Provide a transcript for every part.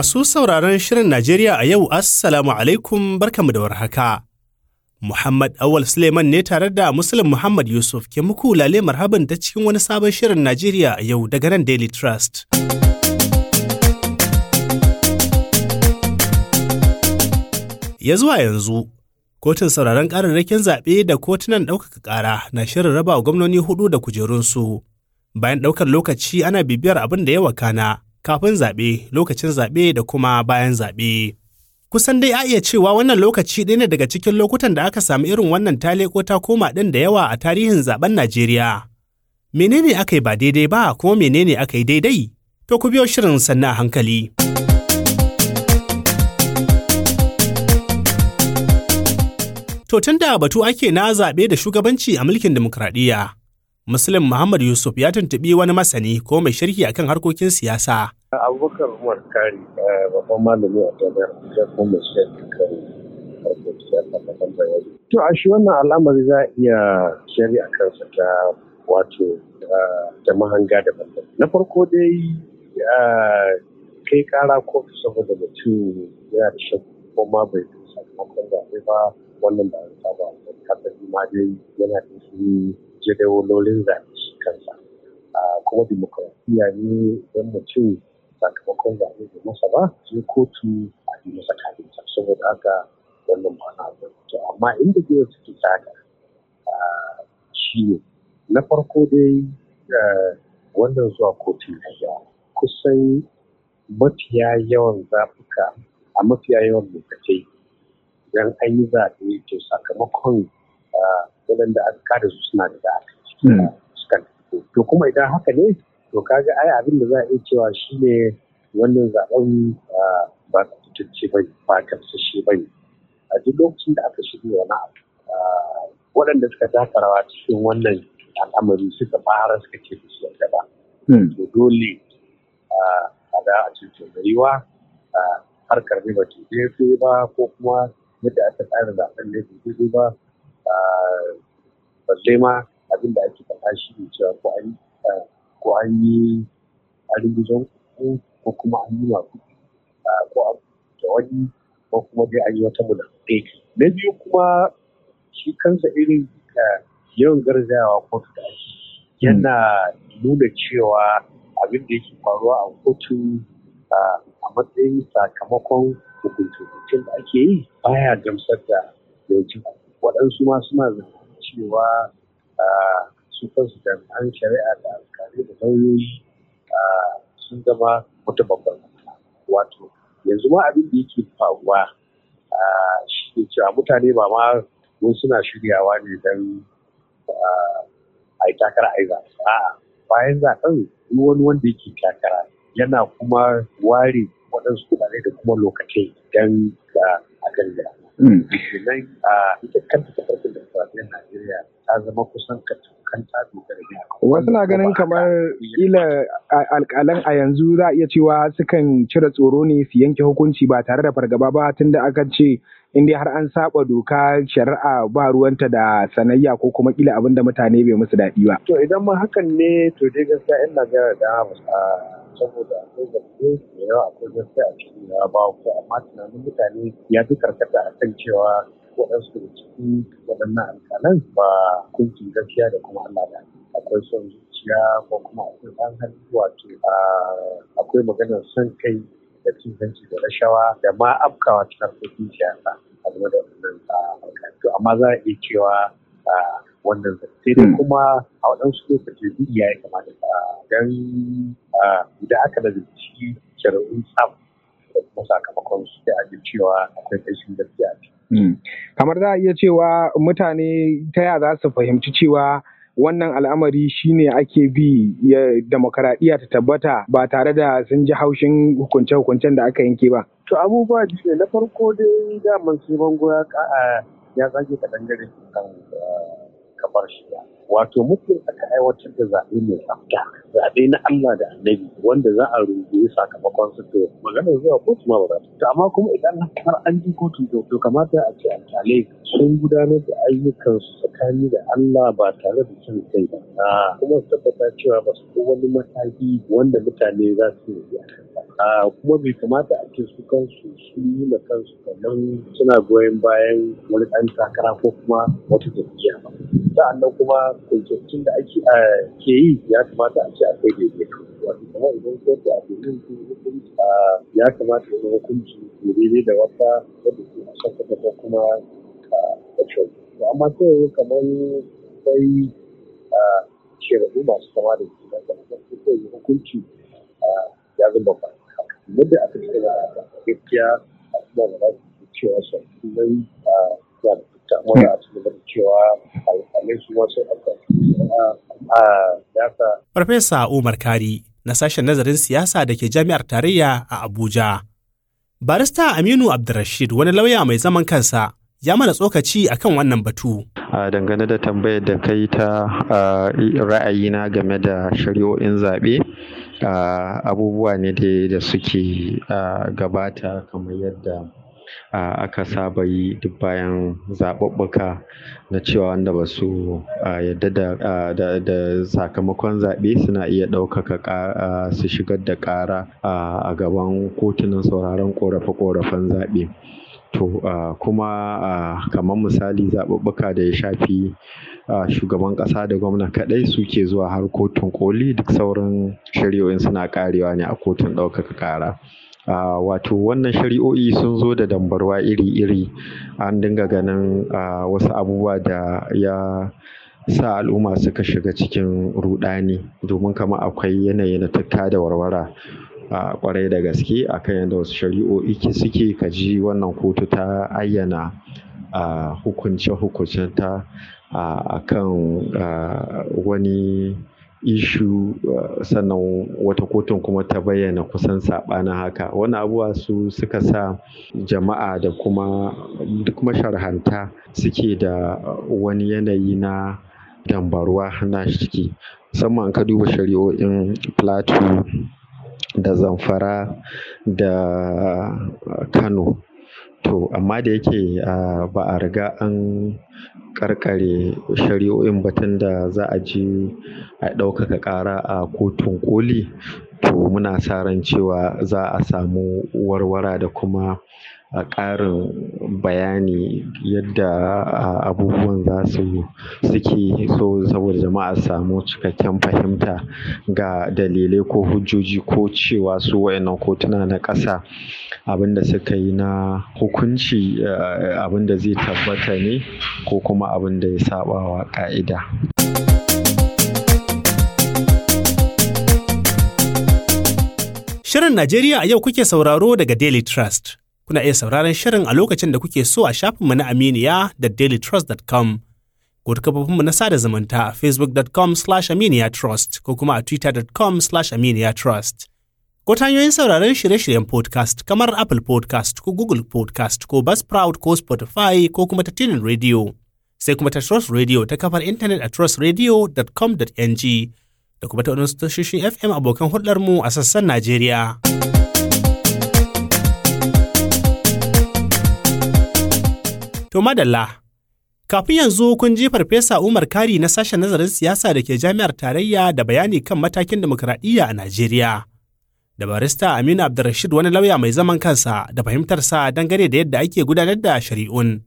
Masu sauraron Shirin Najeriya a yau Assalamu alaikum barkamu da warhaka. Muhammad Awal Suleiman ne tare da Musulun Muhammad Yusuf ke muku lale marhaban ta cikin wani sabon Shirin Najeriya a yau daga nan Daily Trust. Ya zuwa yanzu, kotun sauraron ƙararrakin zaɓe da kotunan ɗaukaka ƙara na shirin raba wa gwamnoni hudu da kujerunsu. Bayan ɗaukar lokaci ana bibiyar abin da ya wakana. kafin zaɓe, lokacin zaɓe da kuma bayan zaɓe. Kusan dai a iya cewa wannan lokaci ɗaya ne daga cikin lokutan da aka samu irin wannan tale ko ta koma ɗin da yawa a tarihin zaben Najeriya. Menene aka yi ba daidai ba kuma menene aka yi daidai? To ku biyo shirin sannan a hankali. To tun da batu ake na zaɓe da shugabanci a mulkin dimokuraɗiyya, Muslim Muhammad Yusuf ya tuntuɓi wani masani ko mai sharhi akan harkokin siyasa. Abubakar Umar Kari eh, babban malami a Jami'ar Abuja kuma mai sharhi harkokin siyasa na kan bayani. To a shi wannan al'amari za a iya shari a kansa ta wato eh, ta mahanga da daban Na farko dai eh, kai kara kotu saboda mutum yana da shakku ko ma bai sakamakon zaɓe ba wannan ba a saba a ma dai yana da shi jadawalolin zaɓe shi kansa a kuma dimokuraɗiyya ne idan mutum sakamakon zaɓe da masa ba je kotu a yi masa kalinta saboda haka wannan ba na to amma inda zai suke tsada shi ne na farko dai wannan zuwa kotu na yawa kusan mafiya yawan zaɓuka a mafiya yawan lokacai idan an yi zaɓe to sakamakon waɗanda aka kada su suna da da hmm. to kuma idan haka ne to kaga ai abin da za a iya cewa shine wannan zaben ah, ba ce ba ba tafsashe ba ne a duk lokacin da aka shirya wani abu ah, waɗanda suka taka rawa cikin wannan al'amari suka fara suka ce da su yadda ba hmm. to dole ah, a da a cikin rayuwa harkar ne ba ke ba ko kuma yadda aka tsara zaben ne ba ba balle ma abin da ake faɗa shi ne cewa ko an ko an yi arigizon ko kuma an yi maku ko an da wani ko kuma dai an yi wata munafi na biyu kuma shi kansa irin yawan garzayawa kotu da ake hmm. yana nuna cewa abin da yake faruwa a kotu a matsayin sakamakon hukunce da ake yi baya gamsar da yawancin su ma suna zancen cewa su kansu jami'an shari'a da alƙalai da lauyoyi sun zama wata babbar wato yanzu ma abin da yake faruwa shi cewa mutane ba ma wani suna shiryawa ne don a yi takara a yi zaɓe a bayan zaɓen duk wani wanda yake takara yana kuma ware waɗansu kuɗaɗe da kuma lokacin don a kan Mm. a Najeriya ta zama Wasu na ganin kamar ila alƙalan a yanzu za a iya cewa sukan cire tsoro ne su yanke hukunci ba tare da fargaba ba tunda aka ce in dai har an saba doka shari'a ba ruwanta da sanayya ko kuma kila abin da mutane bai musu daɗi ba. To idan ma hakan ne to dai gaskiya 'yan Najeriya da saboda akwai da yawa akwai gaske a cikin da ba ko amma tunanin mutane ya fi karkata a kan cewa waɗansu da ciki waɗannan alƙalan ba kunkin gaskiya da kuma Allah da akwai son zuciya ko kuma akwai ɗan hannu wato akwai maganar son kai da cin hanci da rashawa da ma afkawa cikin harkokin siyasa a game da wannan to amma za a iya cewa wannan zance hmm. kuma a waɗansu lokaci ya kamata. idan idan aka nazarci shari'un sam da kuma sakamakon su da ake cewa akwai ƙarshen gaskiya hmm. kamar za a iya cewa mutane ta ya za su fahimci cewa wannan al'amari shine ake bi ya demokaradiyya ta tabbata ba tare da sun ji haushin hukunce-hukuncen da aka yanke ba. To abubuwa ne na farko dai daman sai bango ya tsage ka dangare kan eh, kamar shiga. wato mutum aka aiwatar da zaɓe mai tsafta zaɓe na Allah da annabi wanda za a rungume sakamakon su to maganar zuwa kotu ma ba za ta amma kuma idan har an ji kotu to kamata a ce alƙalai sun gudanar da ayyukansu tsakani da Allah ba tare da cin kai ba kuma su tabbata cewa ba su wani mataki wanda mutane za su yi a kuma bai kamata a ce su kansu su yi na kansu kamar suna goyon bayan wani ɗan takara ko kuma wata jam'iyya ba sa'annan kuma hukuncin da ake a ke yi ya kamata a ce a kai daidaito wato kuma idan ko kotu a domin su hukunci ya kamata su hukunci daidai da wata wadda ke a shan kasa kuma a ƙarshen to amma kawai kamar sai a shekaru masu kama da juna kamar ko yi hukunci a ya zuba ba yadda aka ce da gaskiya a kuma ba za su cewa sun a samu a cikin cewa alƙalai su wasu a ah, ah, Farfesa Umar Kari na sashen nazarin siyasa da ke jami'ar tarayya a Abuja. Barista Aminu Abdulrashid wani lauya mai zaman kansa ya mana tsokaci akan wannan batu. a dangane da tambayar da kai ta ra'ayina game da shari'o'in zaɓe abubuwa ne da suke gabata kamar yadda aka saba yi duk bayan zaɓuɓɓuka na cewa wanda ba su yadda da sakamakon zaɓe suna iya ɗaukaka ƙara su shigar da ƙara a gaban kotunan sauraron ƙorafe-ƙorafen zaɓe. To kuma kamar misali zaɓuɓɓuka da ya shafi shugaban ƙasa da gwamna kaɗai suke zuwa har kotun ƙoli duk sauran shari'o'in suna ƙarewa ne a kotun ɗaukaka ƙara. wato wannan shari'o'i sun zo da dambarwa iri-iri an dinga ganin wasu abubuwa da ya sa al'umma suka shiga cikin ruɗani domin kama akwai yanayi na tukka da warwara a ƙwarai da gaske A kan yadda wasu shari'o'i suke kaji wannan kotu ta ayyana hukunce hukuncen ta a kan wani Ishu uh, sannan wata kotun kuma ta bayyana kusan saɓanin haka wani abubuwa su suka sa jama'a da kuma duk masharhanta suke da wani yanayi na dambaruwa na ciki musamman ka duba shari'o'in plateau da zamfara da uh, kano to amma da yake ba a riga an ƙarƙare shari'o'in ba da za a je a ɗaukaka ƙara a kotun koli to muna sa ran cewa za a samu warwara da kuma a ƙarin bayani yadda abubuwan za zasu suke so saboda jama'a samu cikakken fahimta ga dalilai ko hujjoji ko cewa su waƴannan kotuna na ƙasa abinda suka yi na hukunci abinda zai tabbata ne ko kuma abinda ya saɓawa ƙa'ida. Shirin Najeriya a yau kuke sauraro daga Daily Trust. Kuna iya sauraron shirin a lokacin da kuke so a shafinmu na Aminiya da dailytrust.com ko ta kafofinmu na sada zumunta a facebook.com slash aminiyatrust ko kuma a twitter.com slash aminiyatrust. Ko ta hanyoyin sauraron shirye-shiryen podcast kamar Apple podcast ko Google podcast ko Buzzsprout ko Spotify ko kuma ta tunin radio. Sai kuma ta Trust Radio ta kafar intanet a trustradio.com.ng da kuma ta wadansu tashoshin FM abokan hulɗarmu a sassan Najeriya. To madalla, kafin yanzu kun ji farfesa Umar Kari na sashen nazarin siyasa da ke jami'ar tarayya da bayani kan matakin demokuraɗiyya a Najeriya. Da barista Aminu Abdulrashid wani lauya mai zaman kansa da fahimtarsa dangane da yadda ake gudanar da shari'un.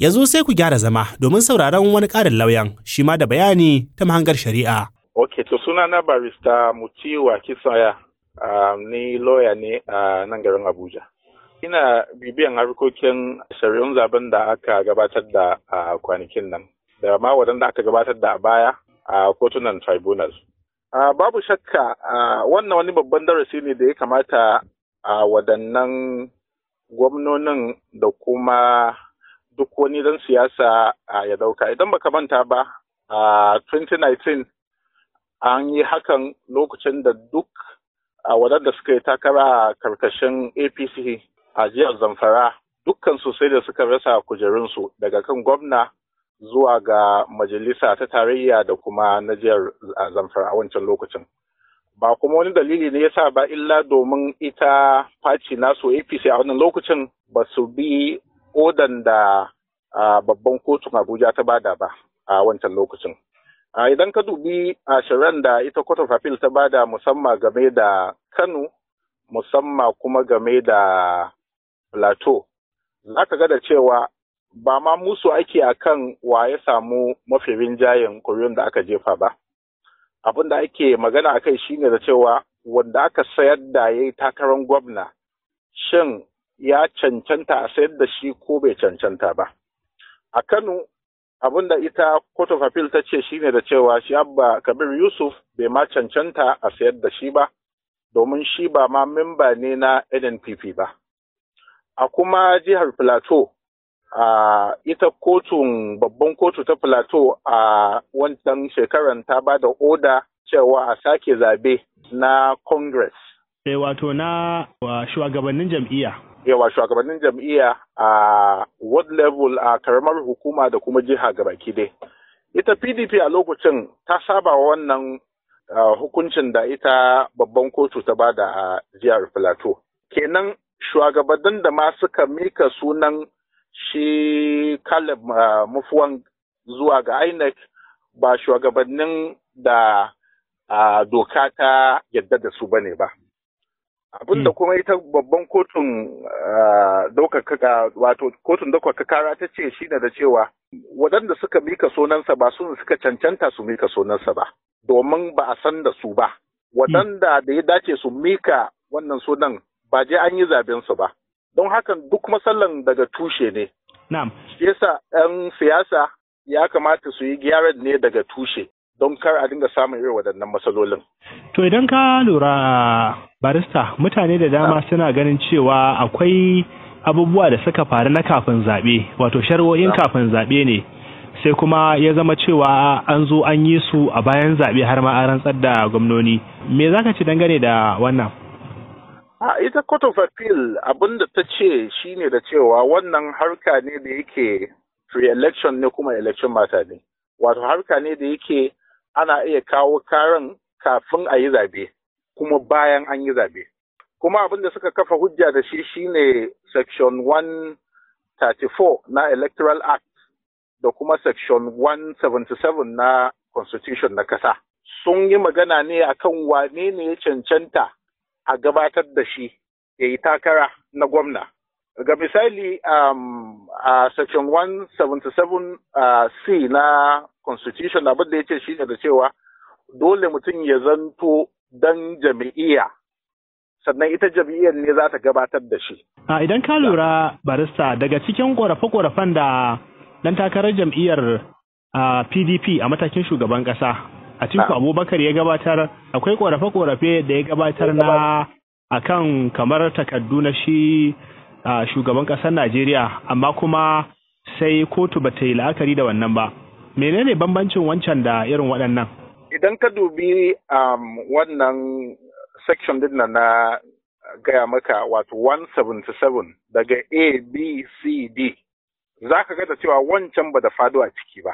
Yanzu sai ku gyara zama domin sauraron wani ƙarin lauyan shi ma da bayani ta mahangar shari'a. Ok, to suna na barista Mutiwa Kisaya, ah, ni lauya ne a ah, nan garin Abuja. Ina bibiyan harkokin shari'un zaben da aka gabatar da a kwanakin nan, da ma waɗanda aka gabatar da a baya a kotunan tribunals. Babu shakka wannan wani babban darasi ne da ya kamata a waɗannan gwamnonin da kuma duk wani dan siyasa ya dauka idan baka manta ba a 2019 an yi hakan lokacin da duk a waɗanda suka yi takara a karkashin apc a jihar Zamfara dukkan sosai da suka rasa kujerunsu daga kan gwamna zuwa ga majalisa ta tarayya da kuma na jihar Zamfara a wancan lokacin. Ba kuma wani dalili ne ya sa ba illa domin ita faci nasu APC a wannan lokacin ba su bi odan da babban kotun Abuja ta bada ba a wancan lokacin. Idan ka dubi ashirin da ita Court Fafil ta bada musamman game da Kano musamman kuma game da plateau za ka ga da cewa ba ma musu ake a kan wa ya samu mafi rinjayen kuri'un da aka jefa ba abin da ake magana a kai shine da cewa wanda aka sayar da ya yi takarar gwamna shin ya cancanta a sayar da shi ko bai cancanta ba a kano abin da ita court of appeal ta ce shi ne da cewa shi abba kabir yusuf bai ma cancanta a sayar da shi ba domin shi ba ma memba ne na nnpp ba a kuma jihar plateau a ita kotun babban kotu ta plateau a wancan shekaran ta ba da oda cewa a sake zabe na congress e wato na shugabannin jam'iyya yawa eh, shugabannin jam'iyya a world level a karamar hukuma da kuma jiha gaba dai ita pdp a lokacin ta saba wannan hukuncin da ita babban kotu ta bada a jihar plateau kenan shugabannin da ma suka mika sunan shi Caleb uh, ah, Mufuwan zuwa ga INEC ba shugabannin da uh, doka ta yadda da su bane ba. Abin da hmm. kuma ita babban kotun ah, ɗaukaka wato kotun ɗaukaka kara ta ce shi da cewa waɗanda suka mika sunansa ba su suka cancanta su mika sunansa ba domin ba a san da su ba. Hmm. Waɗanda da ya dace su mika wannan sunan ba je an yi zaben su ba don hakan duk masallan daga tushe ne na'am yasa 'yan siyasa ya kamata su yi gyaran ne daga tushe don kar a dinga samun irin waɗannan matsalolin. To idan ka lura barista mutane da dama suna ganin cewa akwai abubuwa da suka faru na kafin zaɓe wato sharwoyin kafin zaɓe ne sai kuma ya zama cewa an zo an yi su a bayan zaɓe har ma an rantsar da gwamnoni me zaka ci dangane da wannan A ita Court of abin da ta ce shi ne da cewa wannan harka ne da yake pre-election ne kuma election mata ne. Wato harka ne da yake ana iya kawo karan kafin a yi zabe kuma bayan an yi zabe. Kuma abin da suka kafa hujja da shi shine section 134 na Electoral Act da kuma section 177 na Constitution na ƙasa. Sun yi magana ne akan wane ne ya cancanta a gabatar da shi ya yi takara na gwamna. Ga misali um, a section 177C uh, na constitution abin da ya ce shi da cewa dole mutum ya zanto dan jami'iyya sannan ita jam'iyyar ne za ta gabatar da shi. A idan ka lura barista daga cikin ƙorafe-ƙorafen da ɗan takarar jam'iyyar PDP uh, a matakin shugaban ƙasa A Atiku Abubakar ya gabatar akwai korafe-korafe da ya gabatar na kan kamar takardu na shi shugaban ƙasar Najeriya amma kuma sai kotu ba ta yi la'akari da wannan ba. Menene bambancin wancan da irin waɗannan? Idan ka dubi um, wannan section din na gaya maka wato 177 daga A, B, C, D za ka ga cewa wancan ba da fado a ciki ba.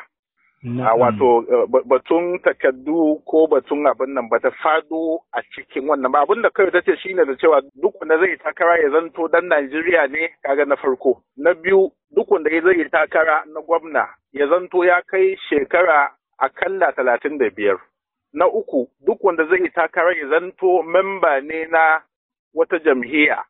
a wato eh, batun takaddu ko batun abin nan ba ta fado a cikin wannan ba abin da kai ta ce shi ne da cewa duk wanda zai takara ya zanto dan Najeriya ne kaga na farko na biyu duk wanda zai takara na gwamna ya zanto ya kai shekara a kalla talatin da biyar na uku duk wanda zai takara ya zanto memba ne na wata jam'iyya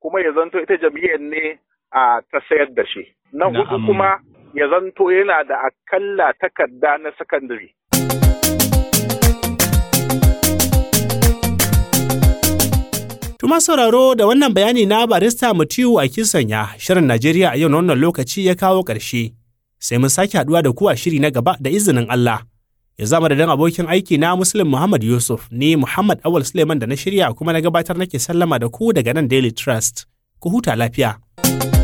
kuma ya zanto ita jam'iyyar ne a ta sayar da shi na hudu kuma ya zanto yana da akalla takarda na sakandare. Tuma sauraro da wannan bayani na barista Mutiyu a kisanya shirin Najeriya a yau na wannan lokaci ya kawo ƙarshe. Sai mun sake haɗuwa da kuwa shiri na gaba da izinin Allah. Ya zama da dan abokin aiki na Muslim Muhammad Yusuf ni Muhammad Awal Suleiman da na shirya kuma na gabatar nake sallama da ku daga nan Daily Trust. Ku huta lafiya.